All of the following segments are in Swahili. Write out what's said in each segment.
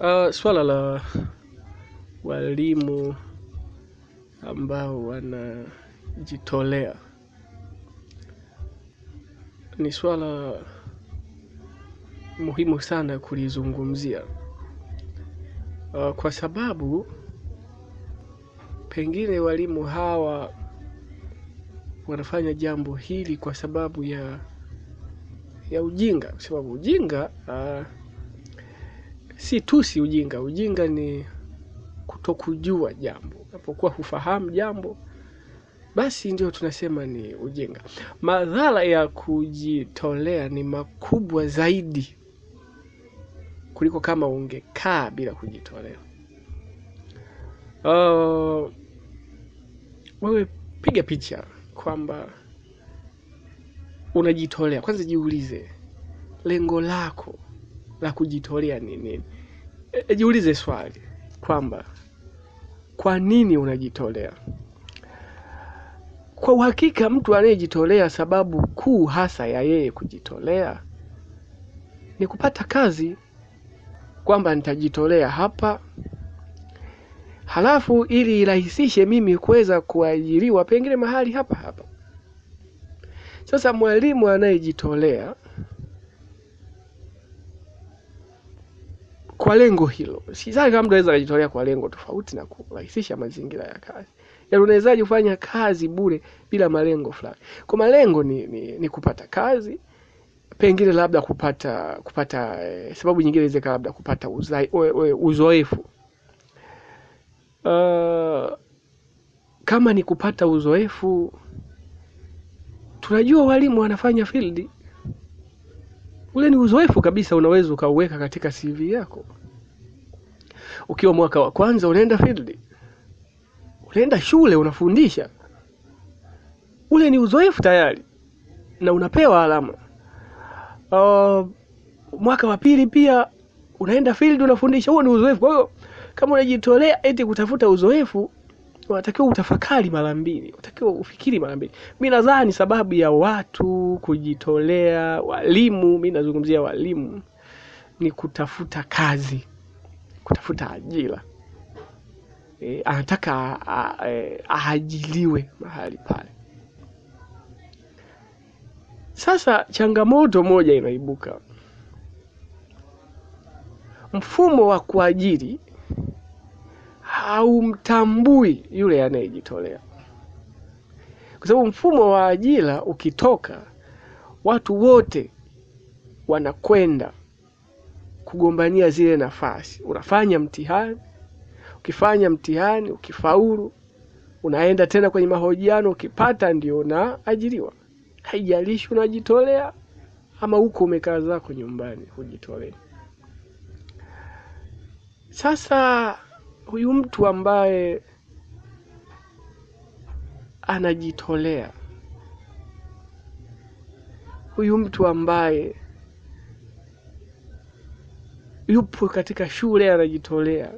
Uh, swala la walimu ambao wanajitolea ni swala muhimu sana kulizungumzia, uh, kwa sababu pengine walimu hawa wanafanya jambo hili kwa sababu ya ya ujinga, kwa sababu ujinga uh, si tu si ujinga. Ujinga ni kutokujua jambo. Unapokuwa hufahamu jambo, basi ndio tunasema ni ujinga. Madhara ya kujitolea ni makubwa zaidi kuliko kama ungekaa bila kujitolea. Uh, wewe piga picha kwamba unajitolea. Kwanza jiulize lengo lako la kujitolea ni nini? E, jiulize swali kwamba kwa nini unajitolea? Kwa uhakika mtu anayejitolea, sababu kuu hasa ya yeye kujitolea ni kupata kazi, kwamba nitajitolea hapa halafu ili irahisishe mimi kuweza kuajiriwa pengine mahali hapa hapa. Sasa mwalimu anayejitolea kwa lengo hilo. Sidhani kama mtu anaweza kujitolea kwa lengo tofauti na kurahisisha mazingira ya kazi. Yaani unawezaje kufanya kazi bure bila malengo fulani? Kwa malengo ni, ni, ni kupata kazi, pengine labda kupata kupata eh, sababu nyingine iweze labda kupata uzoefu. Uh, kama ni kupata uzoefu, tunajua walimu wanafanya field Ule ni uzoefu kabisa, unaweza ukauweka katika CV yako. Ukiwa mwaka wa kwanza unaenda field, unaenda shule, unafundisha, ule ni uzoefu tayari na unapewa alama. Uh, mwaka wa pili pia unaenda field, unafundisha, huo ni uzoefu. Kwa hiyo kama unajitolea eti kutafuta uzoefu unatakiwa utafakari mara mbili, unatakiwa ufikiri mara mbili. Mi nadhani sababu ya watu kujitolea, walimu, mi nazungumzia walimu, ni kutafuta kazi, kutafuta ajira. E, anataka e, aajiliwe mahali pale. Sasa changamoto moja inaibuka, mfumo wa kuajiri haumtambui yule anayejitolea, kwa sababu mfumo wa ajira ukitoka, watu wote wanakwenda kugombania zile nafasi. Unafanya mtihani, ukifanya mtihani ukifaulu, unaenda tena kwenye mahojiano, ukipata ndio unaajiriwa. Haijalishi unajitolea ama huko umekaa zako nyumbani hujitolea. Sasa huyu mtu ambaye anajitolea, huyu mtu ambaye yupo katika shule anajitolea,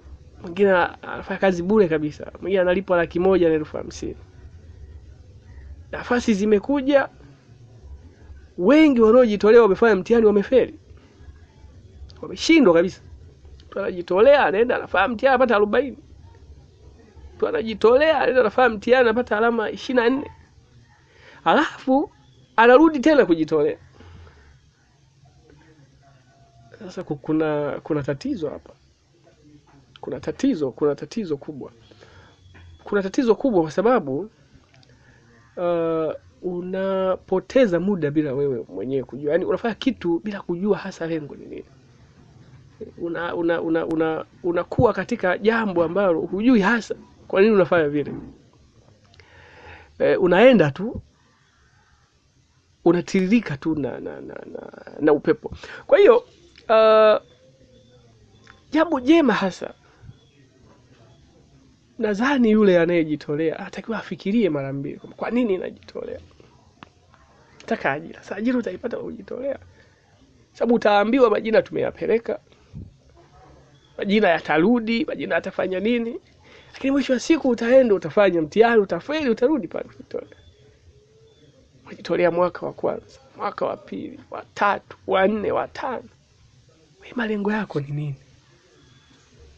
mwingine anafanya kazi bure kabisa, mwingine analipwa laki moja na elfu hamsini. Nafasi zimekuja, wengi wanaojitolea wamefanya mtihani, wamefeli, wameshindwa kabisa mtu anajitolea anaenda anafaa mtihani anapata arobaini mtu anajitolea anaenda anafaa mtihani anapata alama ishirini na nne alafu anarudi tena kujitolea. Sasa kuna kuna tatizo hapa, kuna tatizo, kuna tatizo kubwa, kuna tatizo kubwa kwa sababu uh, unapoteza muda bila wewe mwenyewe kujua, yaani unafanya kitu bila kujua hasa lengo ni nini unakuwa una, una, una, una katika jambo ambalo hujui hasa kwa nini unafanya vile eh, unaenda tu unatiririka tu na, na, na, na, na upepo kwa hiyo uh, jambo jema hasa nadhani yule anayejitolea atakiwa afikirie mara mbili kwa nini najitolea taka ajira sa ajira utaipata kujitolea sababu utaambiwa majina tumeyapeleka majina yatarudi, majina yatafanya nini, lakini mwisho wa siku utaenda, utafanya mtihani, utafeli, utarudi pale kujitolea. Umejitolea mwaka wa kwanza, mwaka wa pili, wa tatu, wa nne, wa tano. malengo yako ni nini?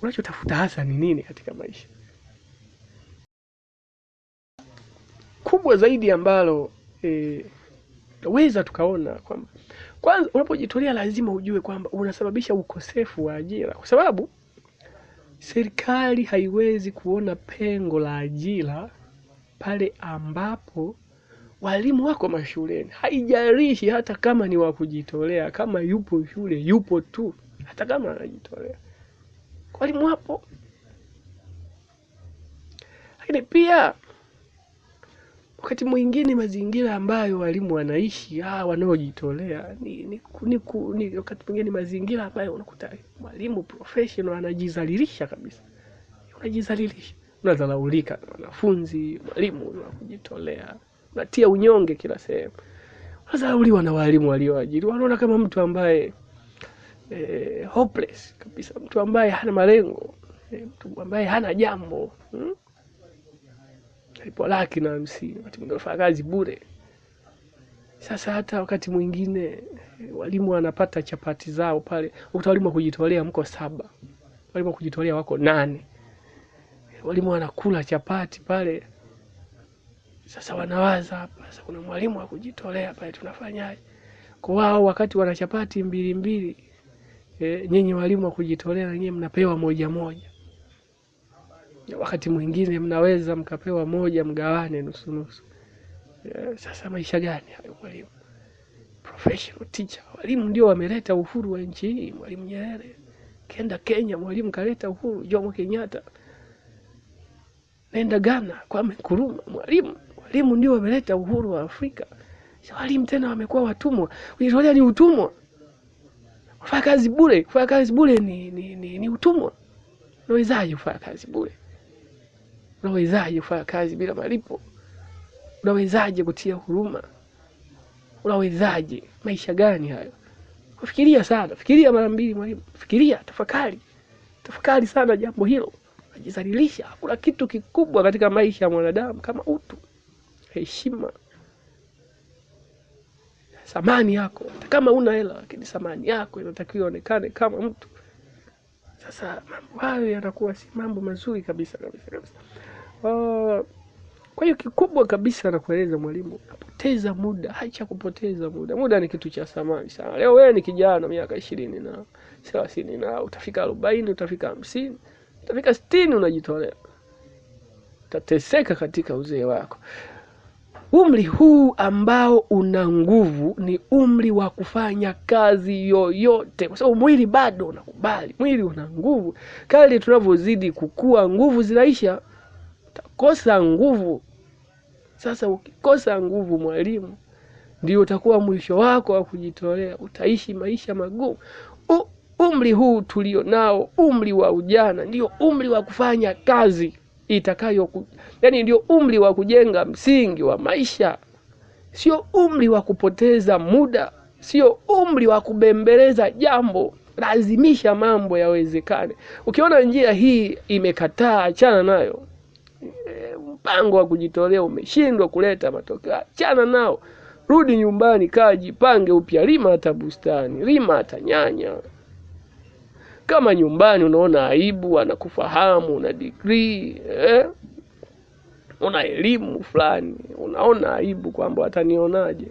Unachotafuta hasa ni nini katika maisha? Kubwa zaidi ambalo e, tunaweza tukaona kwamba kwanza unapojitolea lazima ujue kwamba unasababisha ukosefu wa ajira, kwa sababu serikali haiwezi kuona pengo la ajira pale ambapo walimu wako mashuleni. Haijalishi hata kama ni wa kujitolea, kama yupo shule yupo tu, hata kama anajitolea, walimu wapo. Lakini pia wakati mwingine mazingira ambayo walimu wanaishi ah, wanaojitolea ni, ni, ni, ni, wakati mwingine mazingira ambayo unakuta mwalimu professional anajizalilisha kabisa, unajizalilisha, unadharaulika na wanafunzi. Mwalimu wakujitolea unatia unyonge kila sehemu, unadharauliwa na walimu walioajiri, wanaona kama mtu ambaye eh, hopeless kabisa, mtu ambaye hana malengo eh, mtu ambaye hana jambo hmm? nalipwa laki na hamsini, wakati mwingine nafanya kazi bure. Sasa hata wakati mwingine eh, walimu wanapata chapati zao pale, ukuta walimu kujitolea mko saba, walimu wakujitolea kujitolea wako nane, walimu wanakula chapati pale. Sasa wanawaza hapa, sasa kuna mwalimu akujitolea pale, tunafanyaje? Kwa wao wakati wana chapati mbili mbili, e, nyinyi walimu wakujitolea kujitolea na nyinyi mnapewa moja moja wakati mwingine mnaweza mkapewa moja mgawane nusu nusu. Eh, sasa maisha gani hayo mwalimu? Professional teacher, walimu ndio wameleta uhuru wa nchi hii. Mwalimu Nyerere kenda Kenya, mwalimu kaleta uhuru. Jomo Kenyatta nenda Ghana, Kwame Nkrumah, mwalimu. Walimu ndio wameleta uhuru wa Afrika. Walimu tena wamekuwa watumwa, kujitolea ni utumwa. Kufanya kazi bure, kufanya kazi bure ni, ni, ni, ni utumwa. Unawezaje kufanya kazi bure? Unawezaje kufanya kazi bila malipo? Unawezaje kutia huruma? Unawezaje? Maisha gani hayo? Fikiria sana, fikiria mara mbili mwalimu, fikiria, tafakari, tafakari sana jambo hilo. Najizalilisha. Kuna kitu kikubwa katika maisha ya mwanadamu kama utu, heshima, thamani yako. Hata kama una hela, lakini thamani yako inatakiwa ionekane kama mtu. Sasa mambo hayo yanakuwa si mambo mazuri kabisa kabisa kabisa. Ah, kwa hiyo kikubwa kabisa nakueleza mwalimu, napoteza muda. Hacha kupoteza muda, muda ni kitu cha samani sana. Leo wewe ni kijana miaka ishirini na thelathini na utafika arobaini, utafika hamsini, utafika sitini, unajitolea utateseka katika uzee wako. Umri huu ambao una nguvu ni umri wa kufanya kazi yoyote, kwa sababu mwili bado unakubali, mwili una nguvu. kali tunavyozidi kukua, nguvu zinaisha utakosa nguvu. Sasa ukikosa nguvu, mwalimu, ndio utakuwa mwisho wako wa kujitolea, utaishi maisha magumu. umri huu tulio nao, umri wa ujana, ndio umri wa kufanya kazi itakayo, yani ndio umri wa kujenga msingi wa maisha, sio umri wa kupoteza muda, sio umri wa kubembeleza jambo lazimisha mambo yawezekane. Ukiona njia hii imekataa, achana nayo mpango wa kujitolea umeshindwa kuleta matokeo, achana nao, rudi nyumbani, kaa jipange upya, lima hata bustani, lima hata nyanya. Kama nyumbani unaona aibu, anakufahamu una degree eh? una elimu fulani, unaona aibu kwamba watanionaje,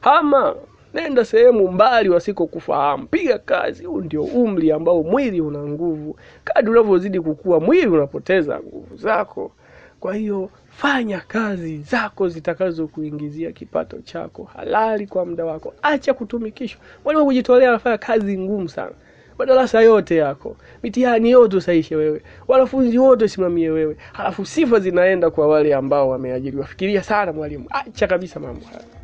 hama nenda sehemu mbali wasikokufahamu, piga kazi. Huu ndio umri ambao mwili una nguvu. Kadri unavyozidi kukua, mwili unapoteza nguvu zako. Kwa hiyo fanya kazi zako zitakazokuingizia kipato chako halali kwa muda wako, acha kutumikishwa. Mwalimu kujitolea anafanya kazi ngumu sana, madarasa yote yako, mitihani yote usaishe wewe, wanafunzi wote usimamie wewe, halafu sifa zinaenda kwa wale ambao wameajiriwa. Fikiria sana mwalimu, acha kabisa mambo haya.